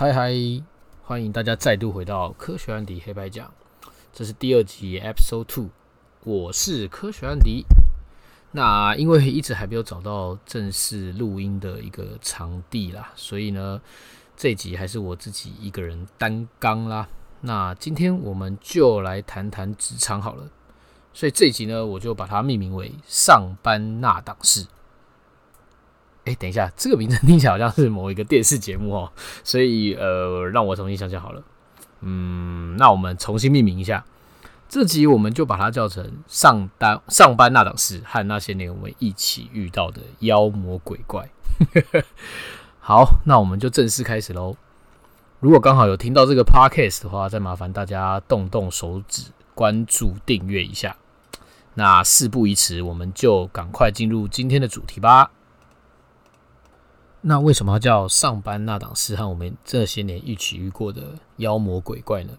嗨嗨，歡迎大家再度回到科學安迪黑白講，這是第二集 Episode Two，我是科學安迪。那因為一直還沒有找到正式錄音的一個場地啦，所以呢，這集還是我自己一個人擔綱啦。那今天我們就來談談職場好了，所以這集呢，我就把它命名為“上班那檔事”。哎，等一下，這個名字聽起來好像是某一個電視節目哦，所以呃，讓我重新想想好了。嗯，那我們重新命名一下，這集我們就把它叫成《上單上班那檔事》和那些年我們一起遇到的妖魔鬼怪。 好，那我們就正式開始嘍。如果剛好有聽到這個 podcast 的話，再麻煩大家動動手指關注訂閱一下。那事不宜遲，我們就趕快進入今天的主題吧。那為什麼要叫上班那檔事？和我們這些年一起遇過的妖魔鬼怪呢？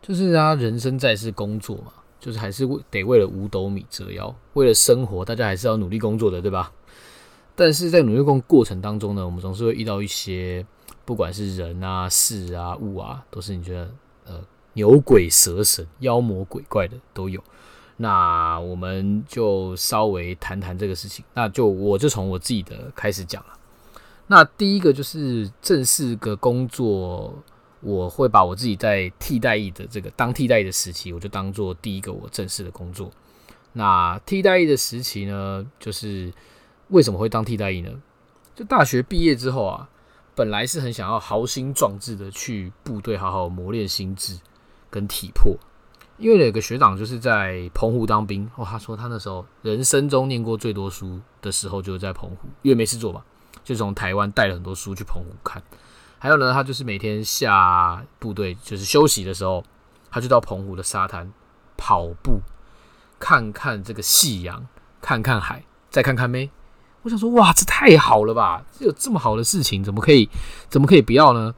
就是啊，人生在世，工作嘛，就是還是得為了五斗米折腰，為了生活，大家還是要努力工作的，對吧？但是在努力工過程當中呢，我們總是會遇到一些，不管是人啊、事啊、物啊，都是你覺得呃，牛鬼蛇神、妖魔鬼怪的都有。那我們就稍微談談這個事情，那就我就從我自己的開始講了。那第一個就是正式的工作，我會把我自己在替代役的這個當替代役的時期，我就當做第一個我正式的工作。那替代役的時期呢，就是為什麼會當替代役呢？就大學畢業之後啊，本來是很想要豪心壯志的去部隊好好磨練心智跟體魄，因為有一個學長就是在澎湖當兵，哦，他說他那時候人生中念過最多書的時候就是在澎湖，因為沒事做嘛。就從台灣帶了很多書去澎湖看，還有呢，他就是每天下部隊，就是休息的時候，他就到澎湖的沙灘跑步，看看這個夕陽，看看海，再看看咩。我想說，哇，這太好了吧！這有這麼好的事情，怎麼可以，怎麼可以不要呢？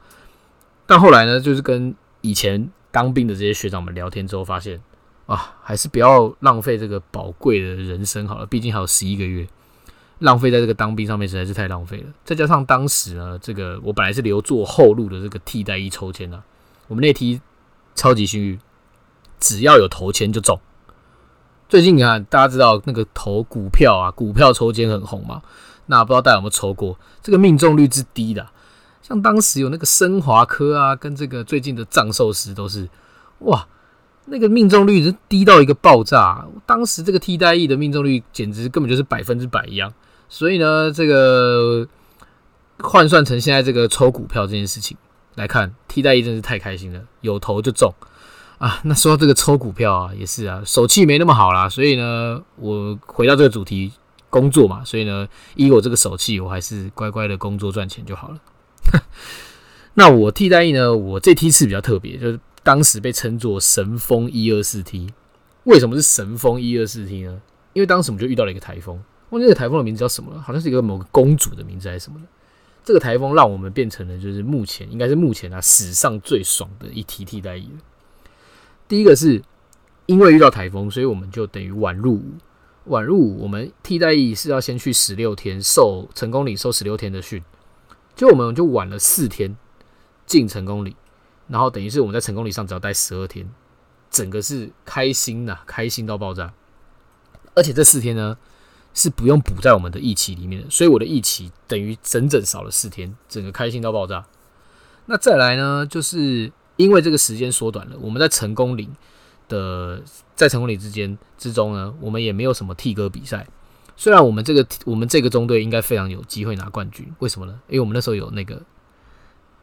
但後來呢，就是跟以前當兵的這些學長們聊天之後，發現啊，還是不要浪費這個寶貴的人生好了，畢竟還有十一個月。浪費在這個當兵上面實在是太浪費了。再加上當時呢，這個我本來是留作後路的這個替代役抽籤呢，我們那期超級幸運，只要有投籤就中。最近你看，大家知道那個投股票啊，股票抽籤很紅嘛？那不知道大家有沒有抽過？這個命中率是低的，啊，像當時有那個升華科啊，跟這個最近的藏壽司都是哇，那個命中率是低到一個爆炸，啊。當時這個替代役的命中率簡直根本就是百分之百一樣。所以呢，這個換算成現在這個抽股票這件事情來看，替代役真是太開心了，有投就中啊。那說到這個抽股票啊，也是啊，手氣沒那麼好啦，所以呢，我回到這個主題，工作嘛，所以呢，依我這個手氣，我還是乖乖的工作賺錢就好了。哼，那我替代役呢，我這梯次比較特別，就是當時被稱作神風一二四梯。為什麼是神風一二四梯呢？因為當時我們就遇到了一個台風。這、哦，那個颱風的名字叫什麼呢？好像是一個某個公主的名字還是什麼。這個颱風讓我們變成了就是目前應該是目前啊，史上最爽的一梯替代役。第一個是因為遇到颱風，所以我們就等於晚入伍，晚入伍。我們替代役是要先去十六天受成功嶺，受十六天的訓，就我們就晚了四天進成功嶺，然後等於是我們在成功嶺上只要待十二天，整個是開心吶、啊，開心到爆炸。而且這四天呢，是不用補在我們的役期裡面的，所以我的役期等於整整少了四天，整個開心到爆炸。那再來呢，就是因為這個時間縮短了，我們在成功嶺的在成功嶺之間之中呢，我們也沒有什麼替歌比賽。雖然我們這個我們這個中隊應該非常有機會拿冠軍，為什麼呢？因為我們那時候有那個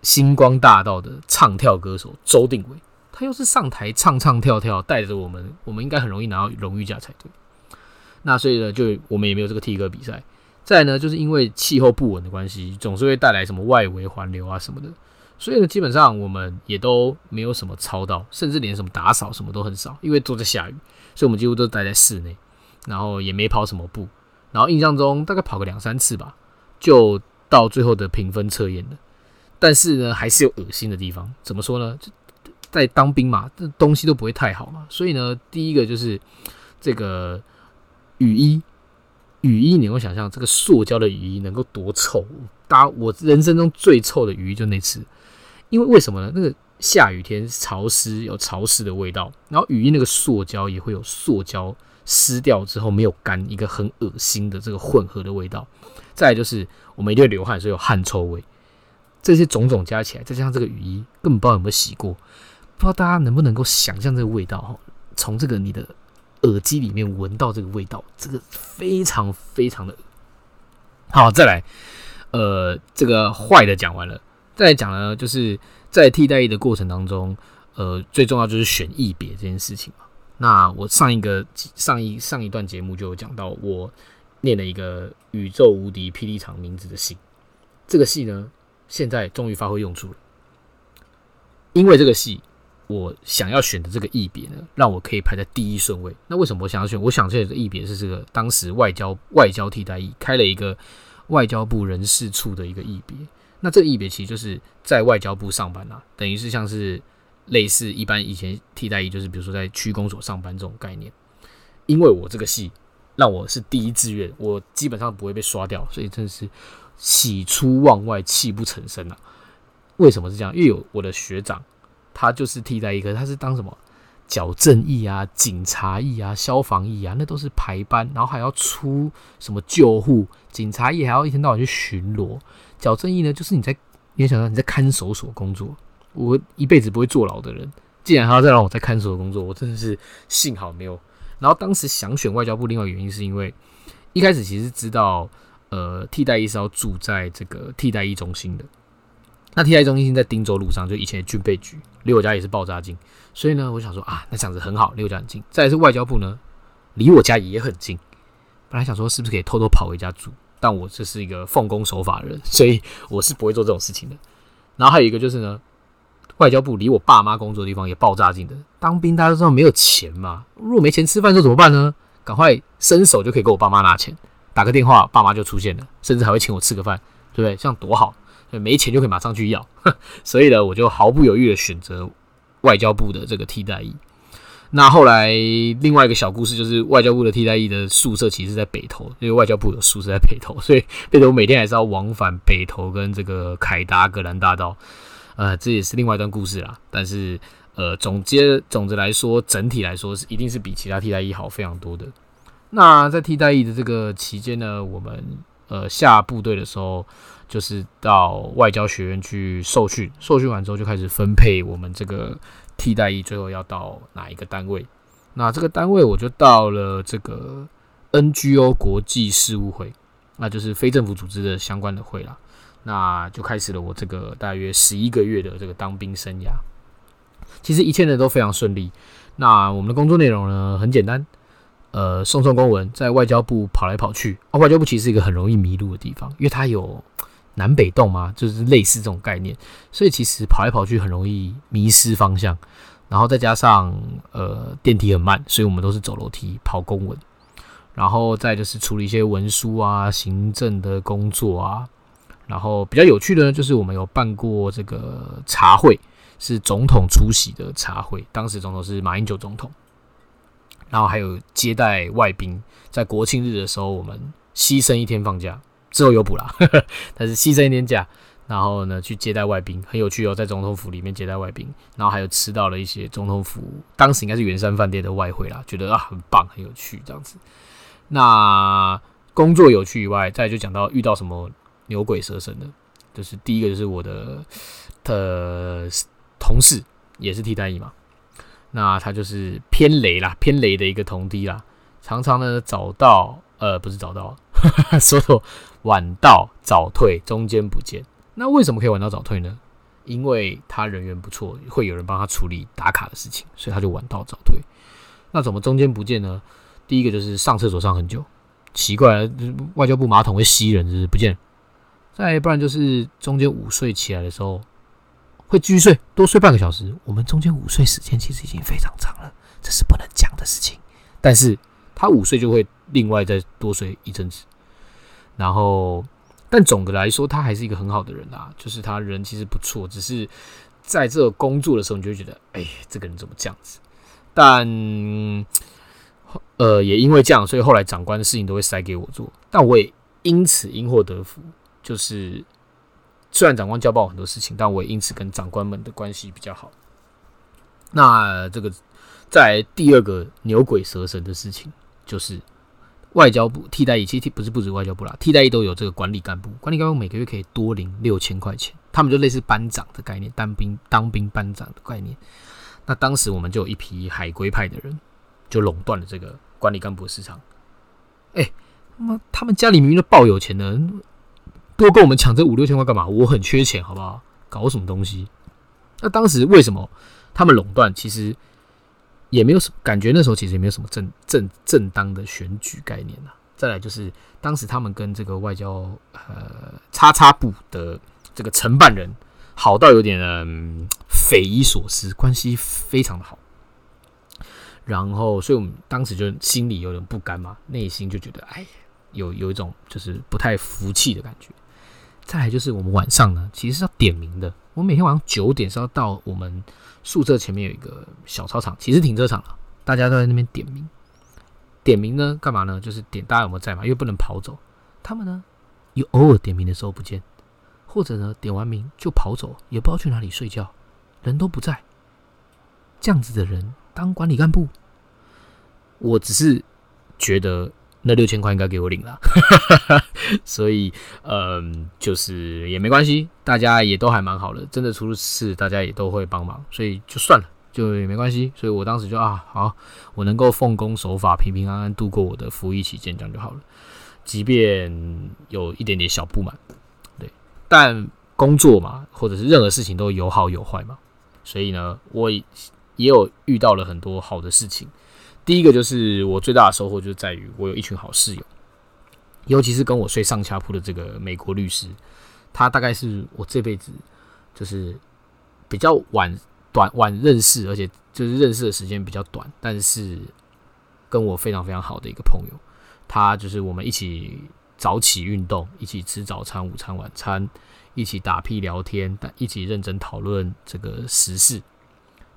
星光大道的唱跳歌手周定緯，他又是上台唱唱跳跳帶着我們，我們應該很容易拿到榮譽獎才對。那所以呢，就我們也沒有這個體格比賽。再來呢，就是因為氣候不穩的關係，總是會帶來什麼外圍環流啊什麼的。所以呢，基本上我們也都沒有什麼操到，甚至連什麼打掃什麼都很少，因為都在下雨，所以我們幾乎都待在室內，然後也沒跑什麼步。然後印象中大概跑個兩三次吧，就到最後的評分測驗了。但是呢，還是有噁心的地方。怎麼說呢？在當兵嘛，這東西都不會太好嘛。所以呢，第一個就是這個。雨衣，雨衣，你能夠想象這個塑膠的雨衣能夠多臭？大家，我人生中最臭的雨衣就那次，因為為什麼呢？那個下雨天潮濕，有潮濕的味道，然後雨衣那個塑膠也會有塑膠濕掉之後沒有乾，一個很惡心的這個混合的味道。再來就是我們一定會流汗，所以有汗臭味。這些種種加起來，再加上這個雨衣，根本不知道有沒有洗過，不知道大家能不能夠想象這個味道，從這個你的。耳機裡面聞到這個味道，這個非常非常的好。再來，呃，這個壞的講完了，再來講呢，就是在替代役的過程當中，呃，最重要就是選役別這件事情嘛。那我上一個上一上一段節目就有講到，我念了一個宇宙無敵霹靂長名字的戲，這個戲呢，現在終於發揮用處了，因為這個戲。我想要選的這個役別呢，讓我可以排在第一順位。那為什麼我想要選？我想這選的役別是這個當時外交外交替代役開了一個外交部人事處的一個役別。那這個役別其實就是在外交部上班啦，啊，等於是像是類似一般以前替代役，就是比如說在區公所上班這種概念。因為我這個系讓我是第一志願，我基本上不會被刷掉，所以真的是喜出望外，泣不成聲啊！為什麼是這樣？因為有我的學長。他就是替代役，是他是當什麼矯正役啊、警察役啊、消防役啊，那都是排班，然後還要出什麼救護、警察役，還要一天到晚去巡邏。矯正役呢，就是你在，你會想到你在看守所工作。我一輩子不會坐牢的人，竟然他再讓我在看守所工作，我真的是幸好沒有。然後當時想選外交部，另外一個原因是因為一開始其實知道，呃，替代役是要住在這個替代役中心的。那 T I 中心在丁州路上，就以前的軍備局，離我家也是爆炸近。所以呢，我想說啊，那這樣子很好，離我家很近。再來是外交部呢，離我家也很近。本來想說是不是可以偷偷跑回家住，但我這是一個奉公守法的人，所以我是不會做這種事情的。然後還有一個就是呢，外交部離我爸媽工作的地方也爆炸近的。當兵大家都知道沒有錢嘛。如果沒錢吃飯，的時候怎麼辦呢？趕快伸手就可以給我爸媽拿錢，打個電話，爸媽就出現了，甚至還會請我吃個飯，對不對？這樣多好。沒錢就可以馬上去要，所以呢，我就毫不猶豫的選擇外交部的這個替代役。那後來另外一個小故事就是，外交部的替代役的宿舍其實在北投，因為外交部的宿舍在北投，所以變成我每天還是要往返北投跟這個凱達格蘭大道。呃，這也是另外一段故事啦。但是呃，總結，總的來說，整體來說是一定是比其他替代役好非常多的。那在替代役的這個期間呢，我們呃下部隊的時候。就是到外交學院去受訓，受訓完之後就開始分配我們這個替代役，最後要到哪一個單位，那這個單位我就到了這個 NGO 國際事務會，那就是非政府組織的相關的會啦。那就開始了我這個大約十一個月的這個當兵生涯。其實一切的都非常順利。那我們的工作內容呢，很簡單，呃，送送公文，在外交部跑來跑去。哦，外交部其實是一個很容易迷路的地方，因為它有。南北棟嘛，就是類似這種概念，所以其實跑來跑去很容易迷失方向，然後再加上呃電梯很慢，所以我們都是走樓梯跑公文，然後再就是處理一些文書啊、行政的工作啊，然後比較有趣的呢，就是我們有辦過這個茶會，是總統出席的茶會，當時總統是馬英九總統，然後還有接待外賓，在國慶日的時候，我們犧牲一天放假。之後有補啦呵呵，但是犧牲一點假，然後呢去接待外賓，很有趣哦、喔，在總統府裡面接待外賓，然後還有吃到了一些總統府當時應該是圓山飯店的外燴啦，覺得啊很棒，很有趣這樣子。那工作有趣以外，再來就講到遇到什麼牛鬼蛇神的，就是第一個就是我的呃同事也是替代役嘛，那他就是偏雷啦，偏雷的一個同梯啦，常常呢找到呃不是找到，呵呵說說。晚到早退，中間不見。那為什麼可以晚到早退呢？因為他人緣不錯，會有人幫他處理打卡的事情，所以他就晚到早退。那怎麼中間不見呢？第一個就是上廁所上很久，奇怪了，就是、外交部馬桶會吸人，就是不見。再不然就是中間午睡起來的時候會繼續睡，多睡半個小時。我們中間午睡時間其實已經非常長了，這是不能講的事情。但是他午睡就會另外再多睡一陣子。然後，但總的來說，他還是一個很好的人啊。就是他人其實不錯，只是在這工作的時候，你就會覺得，哎，這個人怎麼這樣子？但，呃，也因為這樣，所以後來長官的事情都會塞給我做。但我也因此因禍得福，就是雖然長官交辦我很多事情，但我也因此跟長官們的關係比較好。那、呃、這個，在第二個牛鬼蛇神的事情就是。外交部替代役其實不是不止，外交部啦，替代役都有這個管理幹部，管理幹部每個月可以多領六千塊錢，他們就類似班長的概念，當兵當兵班長的概念。那當時我們就有一批海歸派的人，就壟斷了這個管理幹部的市場。他、欸、媽，他們家裡明明都抱有錢的，人，多跟我們搶這五六千塊幹嘛？我很缺錢，好不好？搞什麼東西？那當時為什麼他們壟斷？其實。也沒有什感覺，那時候其實也沒有什麼正正正當的選舉概念了啊。再來就是當時他們跟這個外交呃叉叉部的這個承辦人好到有點、嗯、匪夷所思，關係非常的好。然後，所以我們當時就心裡有點不甘嘛，內心就覺得哎，有有一種就是不太服氣的感覺。再來就是我們晚上呢，其實是要點名的，我每天晚上九點是要到我們。宿舍前面有一個小操場，其實停車場，大家都在那邊點名。點名呢幹嘛呢？就是點大家有沒有在嘛，又不能跑走。他們呢，有偶爾點名的時候不見，或者呢點完名就跑走，也不知道去哪裡睡覺，人都不在。這樣子的人當管理幹部，我只是覺得。那六千塊應該給我領了， 所以，嗯，就是也沒關係，大家也都還蠻好的，真的出了事，大家也都會幫忙，所以就算了，就也沒關係。所以我當時就啊，好，我能夠奉公守法，平平安安度過我的服役期間，這樣就好了。即便有一點點小不滿，對，但工作嘛，或者是任何事情都有好有壞嘛，所以呢，我也有遇到了很多好的事情。第一個就是我最大的收穫，就在於我有一群好室友，尤其是跟我睡上下鋪的這個美國律師，他大概是我這輩子就是比較晚、短、晚認識，而且就是認識的時間比較短，但是跟我非常非常好的一個朋友，他就是我們一起早起運動，一起吃早餐、午餐、晚餐，一起打屁聊天，一起認真討論這個時事。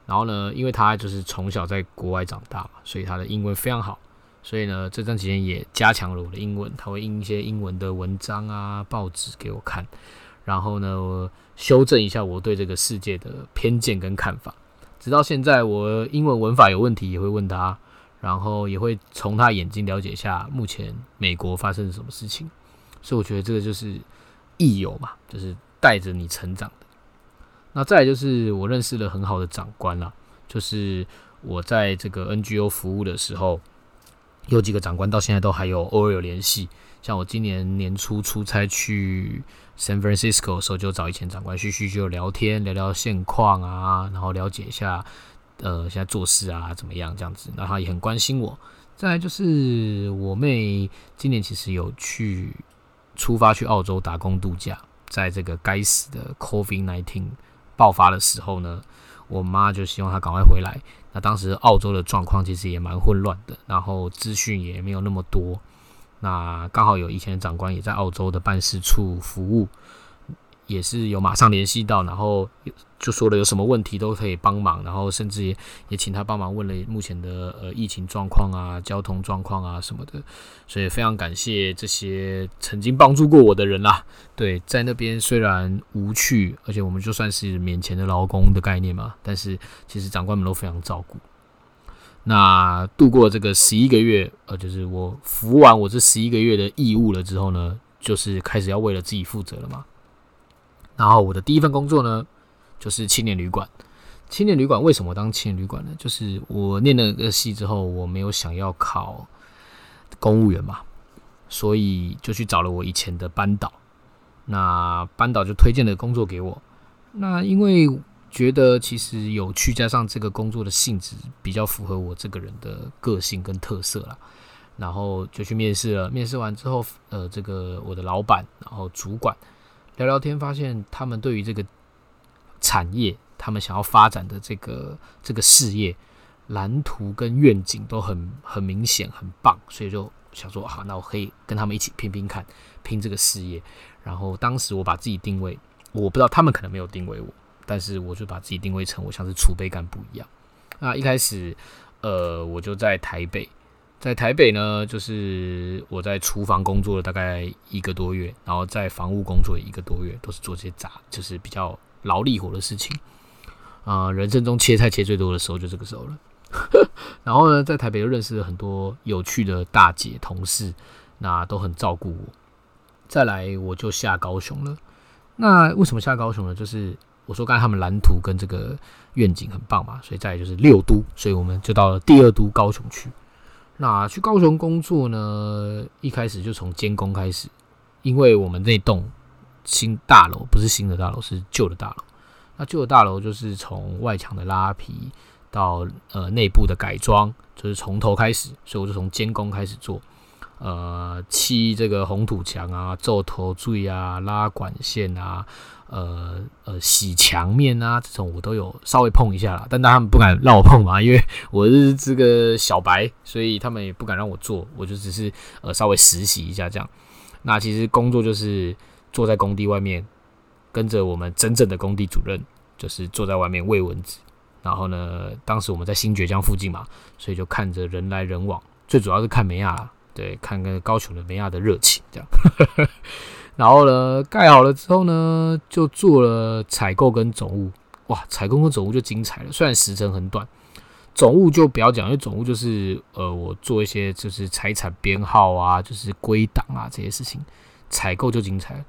然後呢，因為他就是從小在國外長大嘛，所以他的英文非常好。所以呢，這段時間也加強了我的英文。他會印一些英文的文章啊、報紙給我看，然後呢，我修正一下我對這個世界的偏見跟看法。直到現在，我英文文法有問題也會問他，然後也會從他眼睛了解一下目前美國發生了什麼事情。所以我覺得這個就是益友嘛，就是帶着你成長。那再來就是我認識了很好的長官了、啊，就是我在這個 NGO 服務的時候，有幾個長官到現在都還有偶爾有聯繫。像我今年年初出差去 San Francisco 的時候，就找以前長官敘敘舊聊天，聊聊現況啊，然後了解一下，呃，現在做事啊怎麼樣這樣子。那他也很關心我。再來就是我妹今年其實有去出發去澳洲打工度假，在這個該死的 COVID-19。爆發的時候呢，我媽就希望他趕快回來。那當時澳洲的狀況其實也蠻混亂的，然後資訊也沒有那麼多。那剛好有以前的長官也在澳洲的辦事處服務。也是有馬上聯繫到，然後就說了有什麼問題都可以幫忙，然後甚至也也請他幫忙問了目前的呃疫情狀況啊、交通狀況啊什麼的。所以非常感謝這些曾經幫助過我的人啦、啊。對，在那邊雖然無趣，而且我們就算是免錢的勞工的概念嘛，但是其實長官們都非常照顧。那度過這個十一個月，呃，就是我服完我這十一個月的義務了之後呢，就是開始要為了自己負責了嘛。然後我的第一份工作呢，就是青年旅館。青年旅館為什麼當青年旅館呢？就是我念了那個系之後，我沒有想要考公務員嘛，所以就去找了我以前的班導。那班導就推薦了工作給我。那因為覺得其實有趣，加上這個工作的性質比較符合我這個人的個性跟特色啦，然後就去面試了。面試完之後，呃，這個我的老板，然後主管。聊聊天，發現他們對於這個產業，他們想要發展的這個這個事業藍圖跟願景都很很明顯，很棒，所以就想說啊，那我可以跟他們一起拼拼看，拼這個事業。然後當時我把自己定位，我不知道他們可能沒有定位我，但是我就把自己定位成我像是儲備幹部一樣。那一開始呃，我就在台北。在台北呢，就是我在廚房工作了大概一個多月，然後在房務工作也一個多月，都是做這些雜，就是比較勞力活的事情。啊、呃，人生中切菜切最多的時候就這個時候了。 然後呢，在台北又認識了很多有趣的大姐同事，那都很照顧我。再來我就下高雄了。那為什麼下高雄呢？就是我說剛才他們藍圖跟這個願景很棒嘛，所以再來就是六都，所以我們就到了第二都高雄去。那去高雄工作呢，一開始就從監工開始，因為我們那棟新大樓不是新的大樓，是舊的大樓。那舊的大樓就是從外牆的拉皮到呃內部的改裝，就是從頭開始，所以我就從監工開始做，呃，砌這個紅土牆啊，做土水啊，拉管線啊。呃呃，洗牆面啊，這種我都有稍微碰一下了，但他們不敢讓我碰嘛，因為我是這個小白，所以他們也不敢讓我做，我就只是呃稍微實習一下這樣。那其實工作就是坐在工地外面，跟着我們真正的工地主任，就是坐在外面餵蚊子。然後呢，當時我們在新堀江附近嘛，所以就看着人來人往，最主要是看梅亞，對，看跟高雄的梅亞的熱情這樣。 然後呢，蓋好了之後呢，就做了採購跟總務。哇，採購跟總務就精彩了，雖然時程很短。總務就不要講，因為總務就是呃，我做一些就是財產編號啊，就是歸檔啊這些事情。採購就精彩了。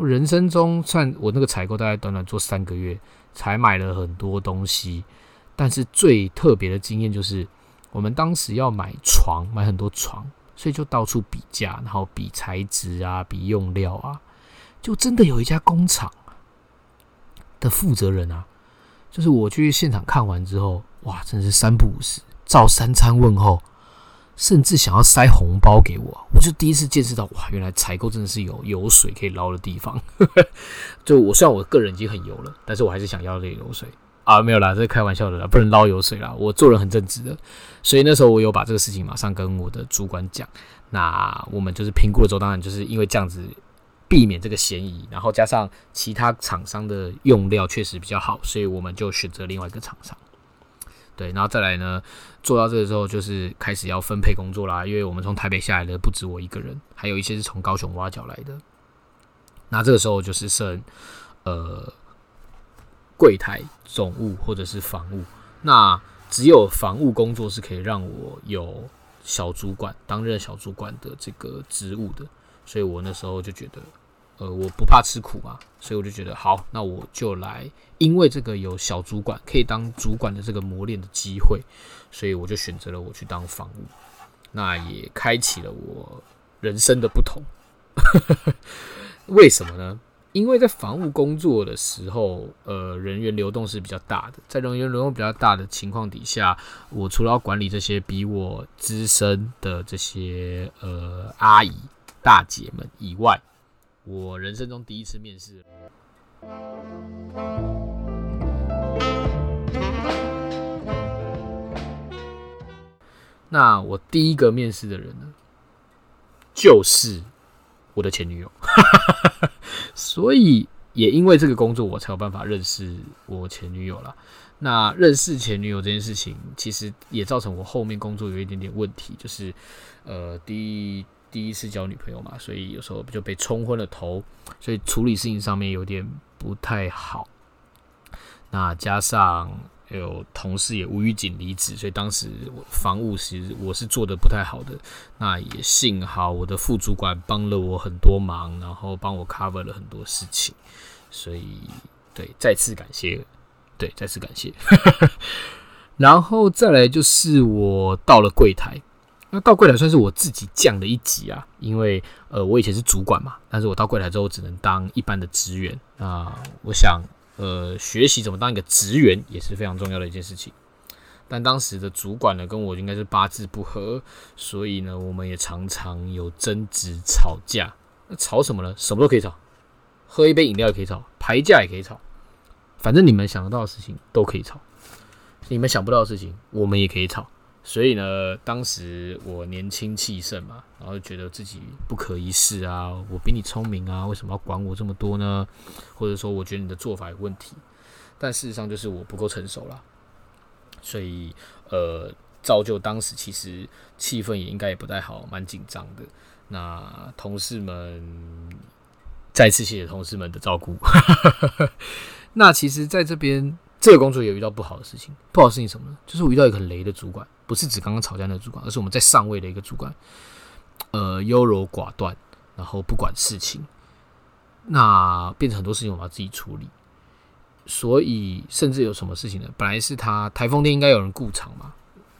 人生中算我那個採購大概短短做三個月，才買了很多東西。但是最特別的經驗就是，我們當時要買床，買很多床。所以就到處比價，然後比材質啊，比用料啊，就真的有一家工廠的負責人啊，就是我去現場看完之後，哇，真的是三不五時，照三餐問候，甚至想要塞紅包給我，我就第一次見識到，哇，原來採購真的是有油水可以撈的地方。 就我雖然我個人已經很油了，但是我還是想要這個油水。啊，沒有啦，這是開玩笑的啦，不能撈油水啦。我做人很正直的，所以那時候我有把這個事情馬上跟我的主管講。那我們就是評估的時候，當然就是因為這樣子避免這個嫌疑，然後加上其他廠商的用料確實比較好，所以我們就選擇另外一個廠商。對，然後再來呢，做到這個時候就是開始要分配工作啦，因為我們從台北下來的不止我一個人，還有一些是從高雄挖角來的。那這個時候就是剩呃。櫃台總務或者是房務，那只有房務工作是可以讓我有小主管擔任小主管的這個職務的，所以我那時候就覺得，呃，我不怕吃苦啊，所以我就覺得好，那我就來，因為這個有小主管可以當主管的這個磨練的機會，所以我就選擇了我去當房務，那也開啟了我人生的不同， 為什麼呢？因為在房屋工作的時候，呃，人員流動是比較大的。在人員流動比較大的情況底下，我除了要管理這些比我資深的這些呃，阿姨、大姐們以外，我人生中第一次面試，那我第一個面試的人呢，就是。我的前女友， 所以也因為這個工作，我才有辦法認識我前女友了。那認識前女友這件事情，其實也造成我後面工作有一點點問題，就是，呃，第一第一次交女朋友嘛，所以有時候就被沖昏了頭，所以處理事情上面有點不太好。那加上。還有同事也無預警離職，所以當時防務其實我是做的不太好的。那也幸好我的副主管幫了我很多忙，然後幫我 cover 了很多事情。所以對，再次感謝，對，再次感謝。 然後再來就是我到了櫃檯，那到櫃檯算是我自己降了一級啊，因為呃，我以前是主管嘛，但是我到櫃檯之後只能當一般的職員啊，那我想。呃，學習怎麼當一個職員也是非常重要的一件事情。但當時的主管呢，跟我應該是八字不合，所以呢，我們也常常有爭執、吵架。那吵什麼呢？什麼都可以吵，喝一杯飲料也可以吵，排假也可以吵。反正你們想得到的事情都可以吵，你們想不到的事情我們也可以吵。所以呢，當時我年輕氣盛嘛，然後覺得自己不可一世啊，我比你聰明啊，為什麼要管我這麼多呢？或者說，我覺得你的做法有問題。但事實上就是我不夠成熟啦。所以呃，造就當時其實氣氛也應該也不太好，蠻緊張的。那同事們再次謝謝同事們的照顧。 那其實，在這邊這個工作也遇到不好的事情，不好的事情是什麼呢？就是我遇到一個很雷的主管。不是指剛剛吵架的主管，而是我們在上位的一個主管，呃，優柔寡斷，然後不管事情，那變成很多事情我們要自己處理，所以甚至有什麼事情呢？本來是他颱風天應該有人顧場嘛，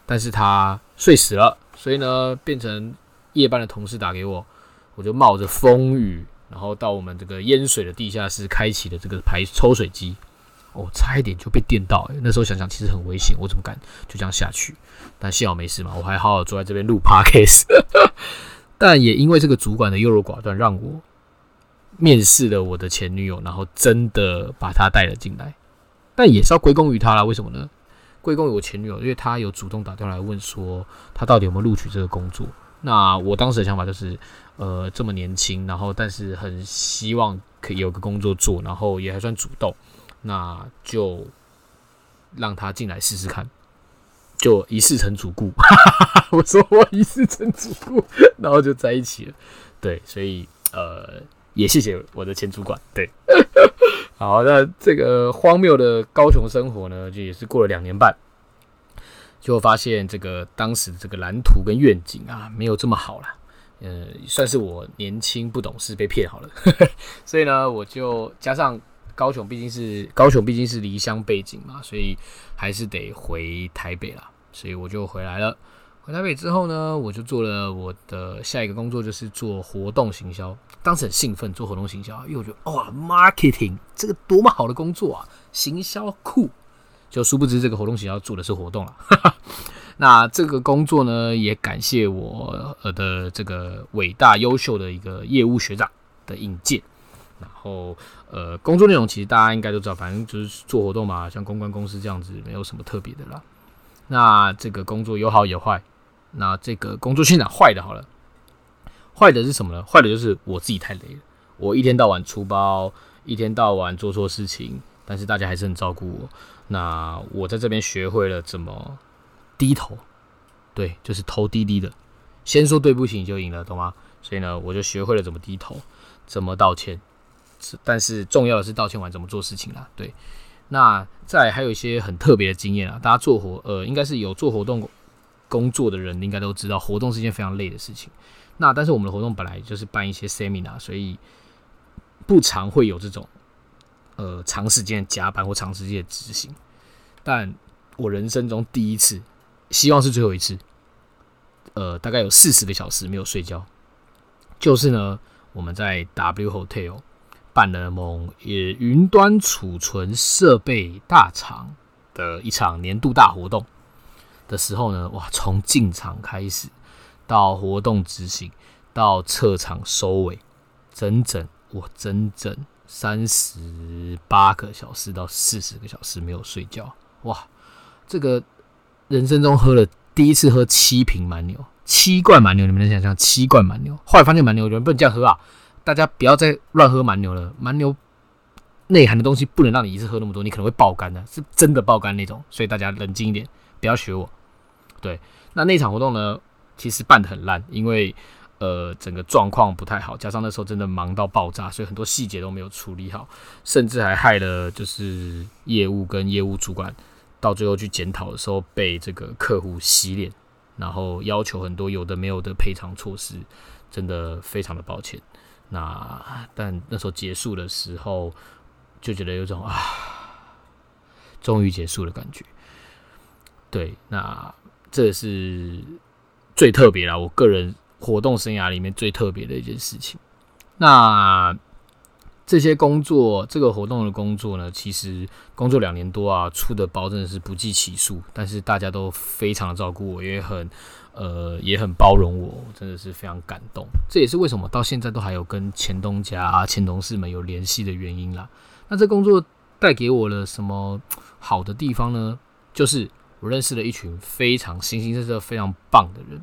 但是他睡死了，所以呢，變成夜班的同事打給我，我就冒着風雨，然後到我們這個淹水的地下室，開啟了這個排抽水機。我、哦、差一點就被電到、欸，那時候想想其實很危險，我怎麼敢就這樣下去？但幸好沒事嘛，我還好好坐在這邊錄 podcast。但也因為這個主管的優柔寡斷，讓我面試了我的前女友，然後真的把她帶了進來。但也是要歸功於她啦，為什麼呢？歸功於我前女友，因為她有主動打電話來問說，她到底有沒有錄取這個工作。那我當時的想法就是，呃，這麼年輕，然後但是很希望可以有個工作做，然後也還算主動。那就讓他進來試試看，就一試成主顧。我說我一試成主顧，然後就在一起了。對，所以呃，也謝謝我的前主管。對，好，那這個荒謬的高雄生活呢，就也是過了兩年半，就發現這個當時這個藍圖跟願景啊，沒有這麼好了。嗯，算是我年輕不懂事被騙好了。所以呢，我就加上。高雄畢竟是高雄畢竟是離鄉背井嘛，所以還是得回台北啦。所以我就回來了。回台北之後呢，我就做了我的下一個工作，就是做活動行銷。當時很興奮，做活動行銷，因為我覺得，哇，marketing 這個多麼好的工作啊！行銷酷，就殊不知這個活動行銷做的是活動啦。 那這個工作呢，也感謝我的這個偉大優秀的一個業務學長的引薦。然後，呃，工作內容其實大家應該都知道，反正就是做活動嘛，像公關公司這樣子，沒有什麼特別的啦。那這個工作有好有壞，那這個工作先講壞的好了，壞的是什麼呢？壞的就是我自己太累了，我一天到晚出包，一天到晚做錯事情，但是大家還是很照顧我。那我在這邊學會了怎麼低頭，對，就是頭低低的，先說對不起你就贏了，懂嗎？所以呢，我就學會了怎麼低頭，怎麼道歉。但是重要的是道歉完怎麼做事情啦、啊。對，那再還有一些很特別的經驗啊。大家做活呃，應該是有做活動工作的人應該都知道，活動是一件非常累的事情。那但是我們的活動本來就是辦一些 seminar，所以不常會有這種呃長時間的加班或長時間的執行。但我人生中第一次，希望是最後一次，呃，大概有四十個小時沒有睡覺，就是呢，我們在 W Hotel。辦了某也雲端儲存設備大廠的一場年度大活動的時候呢，哇，從進場開始到活動執行到撤場收尾，整整我整，整整三十八個小時到四十個小時沒有睡覺，哇，這個人生中喝了第一次喝七瓶蠻牛七罐蠻牛，你們能想象七罐蠻牛？後來發現蠻牛不能這樣喝啊。大家不要再亂喝蠻牛了，蠻牛內涵的東西不能讓你一次喝那麼多，你可能會爆肝的，是真的爆肝那種。所以大家冷靜一點，不要學我。對，那那場活動呢，其實辦得很爛，因為呃整個狀況不太好，加上那時候真的忙到爆炸，所以很多細節都沒有處理好，甚至還害了就是業務跟業務主管到最後去檢討的時候被這個客戶洗臉，然後要求很多有的沒有的賠償措施，真的非常的抱歉。那但那時候結束的時候，就覺得有種啊，終於結束的感覺。對，那這是最特別了，我個人活動生涯裡面最特別的一件事情。那這些工作，這個活動的工作呢，其實工作兩年多啊，出的包真的是不計其數，但是大家都非常的照顧我，也很，呃，也很包容我，真的是非常感動。這也是為什麼到現在都還有跟前東家、啊、前同事們有聯繫的原因啦。那這工作帶給我了什麼好的地方呢？就是我認識了一群非常形形色色、非常棒的人。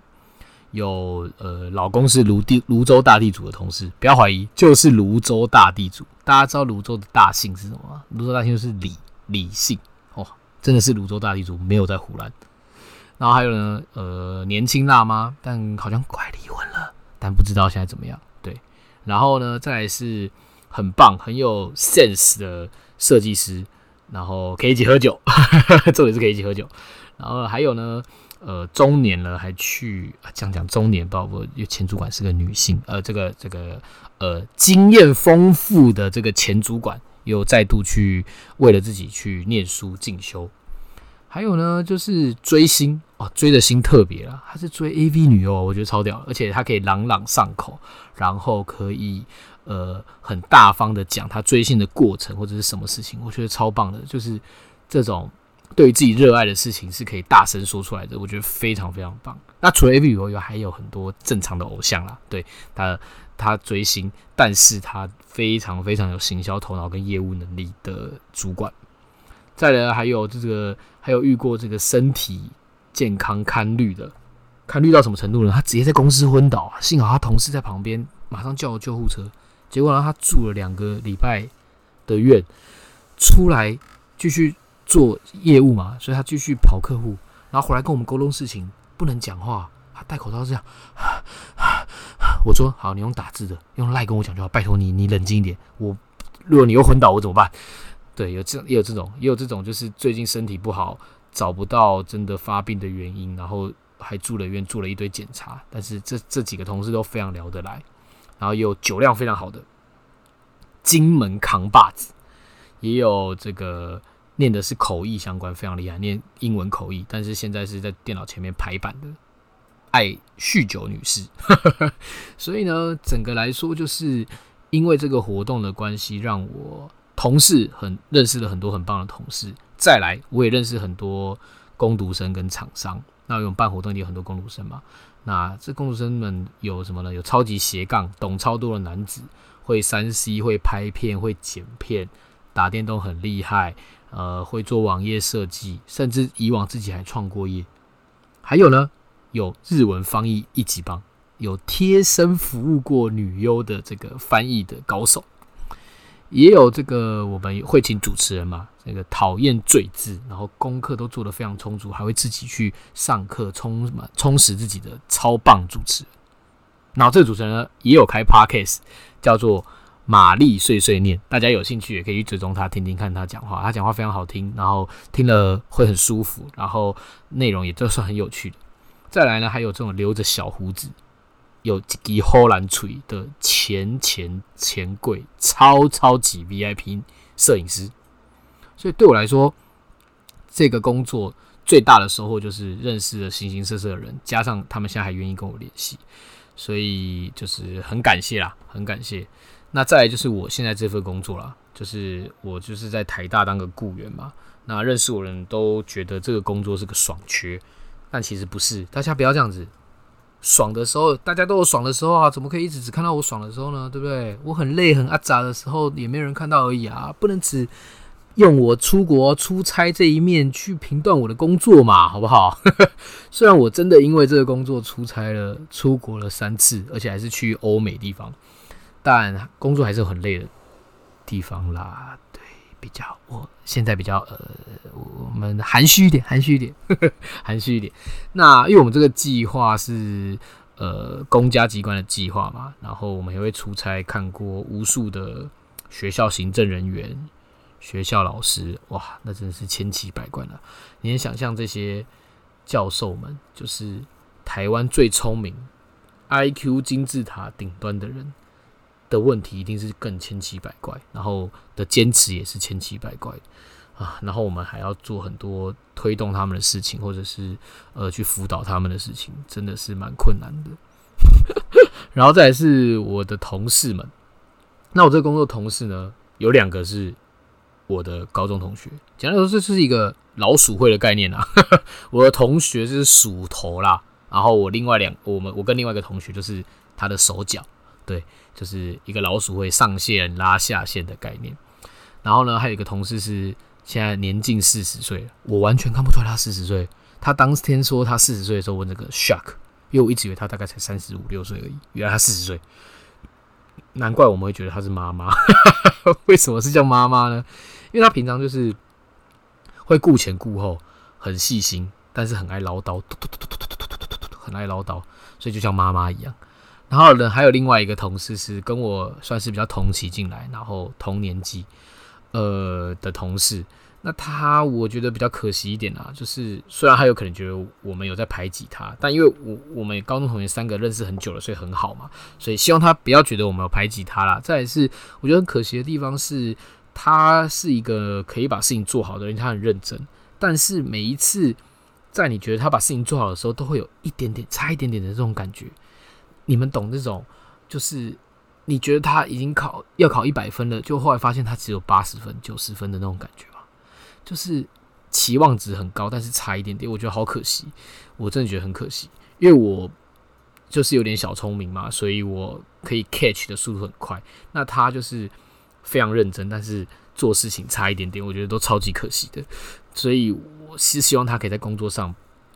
有呃，老公是蘆地蘆洲大地主的同事，不要懷疑，就是蘆洲大地主。大家知道蘆洲的大姓是什麼嗎？蘆洲大姓就是李李姓哦，真的是蘆洲大地主，沒有在唬爛。然後還有呢，呃，年輕辣媽，但好像快離婚了，但不知道現在怎麼樣。對，然後呢，再來是很棒、很有 sense 的設計師，然後可以一起喝酒，呵呵，重點是可以一起喝酒。然後還有呢，呃，中年了還去、啊、講講中年吧。我前主管是個女性，呃，這個這個呃，經驗豐富的這個前主管又再度去為了自己去念書進修。還有呢，就是追星哦，追的星特別啦，他是追 A V 女優哦，我覺得超屌，而且他可以朗朗上口，然後可以呃很大方的講他追星的過程或者是什麼事情，我覺得超棒的，就是這種對於自己熱愛的事情是可以大聲說出來的，我覺得非常非常棒。那除了 A V 女優以外，還有很多正常的偶像啦，對他他追星，但是他非常非常有行銷頭腦跟業務能力的主管，再來還有這個。還有遇過這個身體健康堪慮的，堪慮到什麼程度呢？他直接在公司昏倒，幸好他同事在旁邊，馬上叫了救護車。結果讓他住了兩個禮拜的院，出來繼續做業務嘛，所以他繼續跑客戶，然後回來跟我們溝通事情，不能講話，他戴口罩是這樣。我說好，你用打字的，用賴、like、跟我講就好，拜託你，你冷靜一點。我，如果你又昏倒，我怎麼辦？對，有這也有這種也有這種，也有這種就是最近身體不好，找不到真的發病的原因，然後還住了院，做了一堆檢查。但是這這幾個同事都非常聊得來，然後也有酒量非常好的金門扛把子，也有這個念的是口譯相關，非常厲害，念英文口譯，但是現在是在電腦前面排版的愛酗酒女士。 所以呢，整個來說，就是因為這個活動的關係，讓我。同事很認識了很多很棒的同事，再來我也認識很多工讀生跟廠商。那我們辦活動也有很多工讀生嘛。那這工讀生們有什麼呢？有超級斜槓，懂超多的男子，會 3C，會拍片，會剪片，打電動很厲害，呃，會做網頁設計，甚至以往自己還創過業。還有呢，有日文翻譯一級棒，有貼身服務過女優的這個翻譯的高手。也有這個，我們會請主持人嘛？那個討厭贅字，然後功課都做得非常充足，還會自己去上課充什麼充實自己的超棒主持人。然後這個主持人呢，也有開 Podcast，叫做《瑪麗碎碎念》，大家有興趣也可以去追蹤他，聽聽看他講話。他講話非常好聽，然後聽了會很舒服，然後內容也都是很有趣的。再來呢，還有這種留着小胡子。有幾荷蘭吹的前前前貴超超級 VIP 攝影師，所以對我來說，這個工作最大的收穫就是認識了形形色色的人，加上他們現在還願意跟我聯繫，所以就是很感謝啦，很感謝。那再來就是我現在這份工作啦，就是我就是在台大當個雇員嘛。那認識我的人都覺得這個工作是個爽缺，但其實不是，大家不要這樣子。爽的時候，大家都有爽的時候啊，怎麼可以一直只看到我爽的時候呢？對不對？我很累很阿雜的時候，也沒人看到而已啊，不能只用我出國出差這一面去評斷我的工作嘛，好不好？ 雖然我真的因為這個工作出差了、出國了三次，而且還是去歐美地方，但工作還是很累的地方啦。對。比較，我現在比較呃，我們含蓄一點，含蓄一點， 含蓄一點。那因為我們這個計劃是呃公家機關的計劃嘛，然後我們也會出差看過無數的學校行政人員、學校老師，哇，那真的是千奇百怪了啊。你也想象這些教授們，就是台灣最聰明 IQ 金字塔頂端的人的問題，一定是更千奇百怪，然後。的堅持也是千奇百怪的啊，然後我們還要做很多推動他們的事情，或者是呃去輔導他們的事情，真的是蠻困難的。 然後再來是我的同事們，那我這個工作同事呢，有兩個是我的高中同學，簡單說，這是一個老鼠會的概念啊。 我的同學是鼠頭啦，然後我另外兩，我們我跟另外一個同學就是他的手腳。對，就是一個老鼠會上線拉下線的概念。然後呢，還有一個同事是現在年近四十歲了，我完全看不出來他四十歲。他當天說他四十歲的時候問這個 shock，因為我一直以為他大概才三十五六歲而已，原來他四十歲。難怪我們會覺得他是媽媽。 為什麼是叫媽媽呢？因為他平常就是會顧前顧後，很細心，但是很愛嘮叨，嘟嘟嘟嘟嘟嘟嘟嘟嘟，很愛嘮叨，所以就像媽媽一樣。然後呢，還有另外一個同事是跟我算是比較同期進來，然後同年級呃的同事。那他我覺得比較可惜一點啊，就是雖然他有可能覺得我們有在排擠他，但因為我我們高中同學三個認識很久了，所以很好嘛，所以希望他不要覺得我們有排擠他啦。再來是，我覺得很可惜的地方是，他是一個可以把事情做好的人，他很認真，但是每一次在你覺得他把事情做好的時候，都會有一點點差一點點的這種感覺。你們懂那種，就是你覺得他已經考要考一百分了，就後來發現他只有八十分、九十分的那種感覺嗎？就是期望值很高，但是差一點點，我覺得好可惜。我真的覺得很可惜，因為我就是有點小聰明嘛，所以我可以 catch 的速度很快。那他就是非常認真，但是做事情差一點點，我覺得都超級可惜的。所以我是希望他可以在工作上。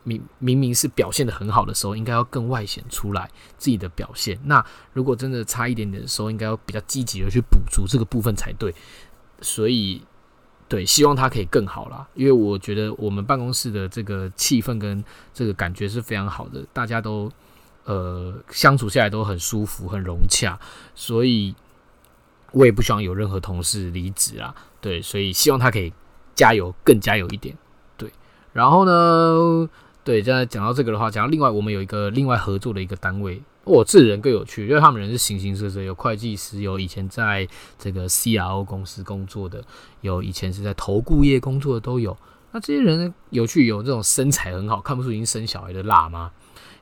明明明是表現得很好的時候，應該要更外顯出來自己的表現。那如果真的差一點點的時候，應該要比較積極的去補足這個部分才對。所以，對，希望他可以更好啦。因為我覺得我們辦公室的這個氣氛跟這個感覺是非常好的，大家都呃相處下來都很舒服、很融洽。所以我也不希望有任何同事離職啦。對，所以希望他可以加油，更加油一點。對，然後呢？對，現在講到這個的話，講到另外，我們有一個另外合作的一個單位，哦，這人更有趣，因為他們人是形形色色，有會計師，有以前在這個 CRO 公司工作的，有以前是在投顧業工作的都有。那這些人有趣，有這種身材很好、看不出已經生小孩的辣媽，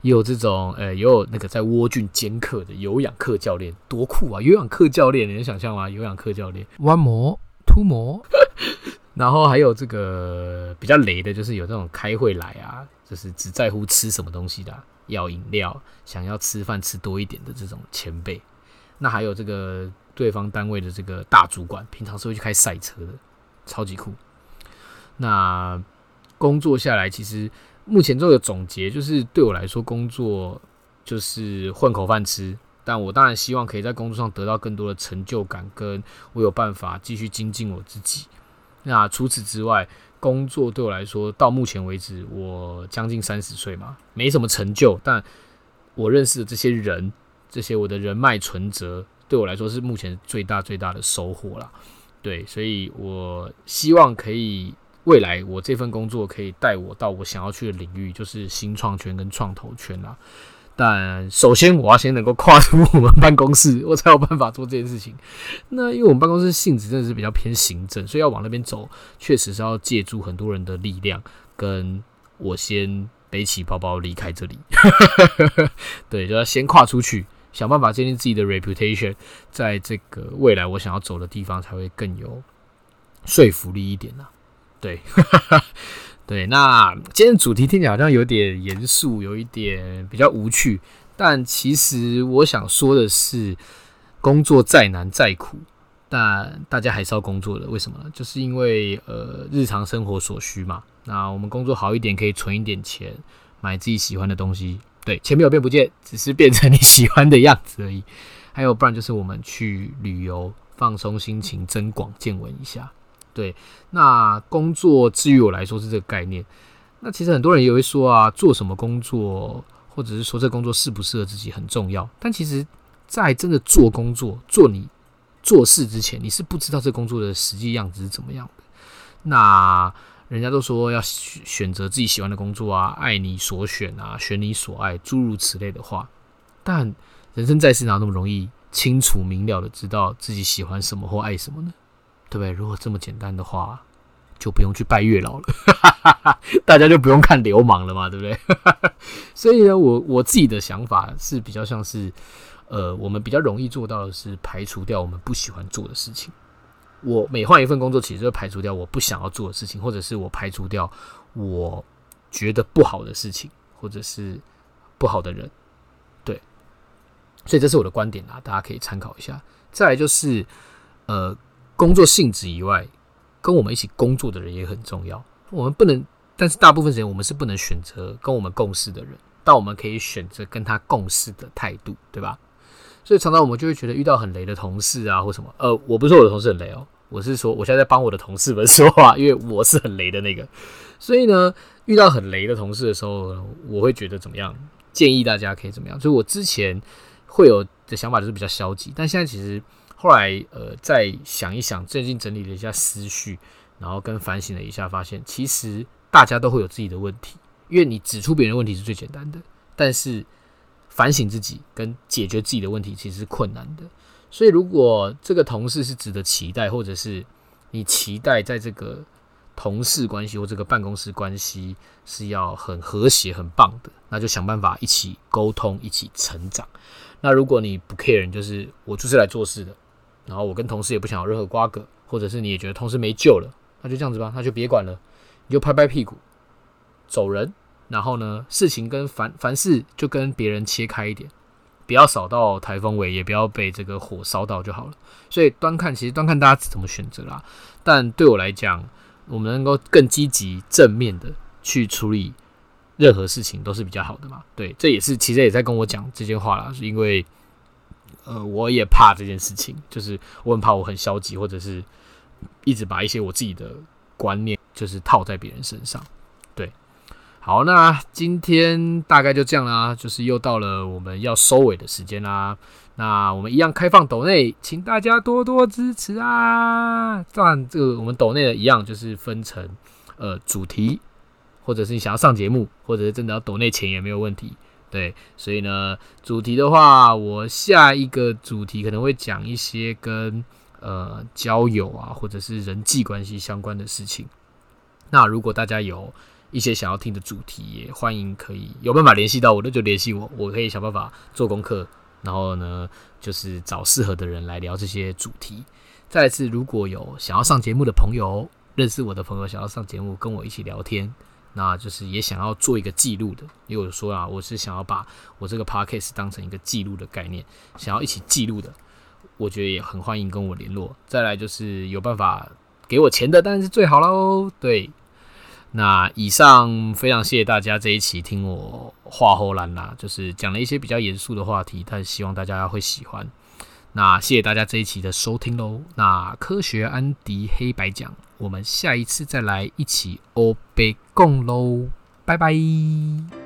也有這種呃、欸，也有那個在窩俊兼課的有氧課教練，多酷啊！有氧課教練，你能想象嗎？有氧課教練 One more, two more，然後還有這個比較雷的，就是有這種開會來啊。就是只在乎吃什麼東西的，要飲料，想要吃飯吃多一點的這種前輩。那還有這個對方單位的這個大主管，平常是會去開賽車的，超級酷。那工作下來，其實目前做的總結就是，對我來說，工作就是混口飯吃。但我當然希望可以在工作上得到更多的成就感，跟我有辦法繼續精進我自己。那除此之外，工作對我來說，到目前為止，我將近三十歲嘛，沒什麼成就，但我認識的這些人，這些我的人脈存折，對我來說是目前最大最大的收穫啦。對，所以我希望可以未來我這份工作可以帶我到我想要去的領域，就是新創圈跟創投圈啦。但首先，我要先能夠跨出我們辦公室，我才有辦法做這件事情。那因為我們辦公室性質真的是比較偏行政，所以要往那邊走，確實是要借助很多人的力量，跟我先背起包包離開這裡。 對，就要先跨出去，想辦法建立自己的 reputation，在這個未來我想要走的地方才會更有說服力一點啊。對。 對，那今天主題聽起來好像有點嚴肅，有一點比較無趣。但其實我想說的是，工作再難再苦，但大家還是要工作的。為什麼呢？就是因為，呃，日常生活所需嘛。那我們工作好一點，可以存一點錢，買自己喜歡的東西。對，錢沒有變不見，只是變成你喜歡的樣子而已。還有，不然就是我們去旅遊，放鬆心情，增廣見聞一下。對，那工作之於我來說是這個概念。那其實很多人也會說啊，做什麼工作，或者是說這工作適不適合自己很重要。但其實，在真的做工作、做你做事之前，你是不知道這工作的實際樣子是怎麼樣的。那人家都說要選擇自己喜歡的工作啊，愛你所選啊，選你所愛，諸如此類的話。但人生在世哪那麼容易清楚明了的知道自己喜歡什麼或愛什麼呢？對不對？如果這麼簡單的話，就不用去拜月老了， 大家就不用看流氓了嘛，對不對？ 所以呢，我我自己的想法是比較像是，呃，我們比較容易做到的是排除掉我們不喜歡做的事情。我每換一份工作，其實都排除掉我不想要做的事情，或者是我排除掉我覺得不好的事情，或者是不好的人。對，所以這是我的觀點啊，大家可以參考一下。再來就是，呃。工作性質以外，跟我們一起工作的人也很重要。我們不能，但是大部分時間我們是不能選擇跟我們共事的人，但我們可以選擇跟他共事的態度，對吧？所以常常我們就會覺得遇到很雷的同事啊，或什麼。呃，我不是說我的同事很雷哦，我是說我現在在幫我的同事們說話，因為我是很雷的那個。所以呢，遇到很雷的同事的時候，我會覺得怎麼樣？建議大家可以怎麼樣？所以我之前會有的想法就是比較消極，但現在其實。後來，呃，再想一想，最近整理了一下思緒，然後跟反省了一下，發現其實大家都會有自己的問題。因為你指出別人的問題是最簡單的，但是反省自己跟解決自己的問題其實是困難的。所以，如果這個同事是值得期待，或者是你期待在這個同事關係或這個辦公室關係是要很和諧、很棒的，那就想辦法一起溝通、一起成長。那如果你不 care 人，就是我就是來做事的。然後我跟同事也不想有任何瓜葛，或者是你也覺得同事沒救了，那就這樣子吧，那就別管了，你就拍拍屁股走人。然後呢，事情跟凡凡事就跟別人切開一點，不要掃到台風尾，也不要被這個火燒到就好了。所以端看，其實端看大家怎麼選擇啦。但對我來講，我們能夠更積極正面的去處理任何事情，都是比較好的嘛。對，這也是，其實也在跟我講這些話啦，是因為。呃，我也怕這件事情，就是我很怕我很消極，或者是一直把一些我自己的觀念就是套在別人身上。對，好，那今天大概就這樣啦，啊，就是又到了我們要收尾的時間啦，啊。那我們一樣開放抖內，請大家多多支持啊！這樣這個我們抖內的一樣就是分成呃主題，或者是你想要上節目，或者是真的要抖內錢也沒有問題。對，所以呢，主題的話，我下一個主題可能會講一些跟呃交友啊，或者是人際關係相關的事情。那如果大家有一些想要聽的主題，也歡迎可以有辦法聯繫到我那就聯繫我，我可以想辦法做功課，然後呢，就是找適合的人來聊這些主題。再次，如果有想要上節目的朋友，認識我的朋友想要上節目，跟我一起聊天。那就是也想要做一個記錄的，因為我說啊,我是想要把我這個 podcast 當成一個記錄的概念，想要一起記錄的，我覺得也很歡迎跟我聯絡。再來就是有辦法給我錢的，當然是最好嘍。對，那以上非常謝謝大家這一期聽我話後蘭啦，就是講了一些比較嚴肅的話題，但希望大家會喜歡。那謝謝大家這一期的收聽嘍。那科學安迪黑白講，我們下一次再來一起歐北共嘍，拜拜。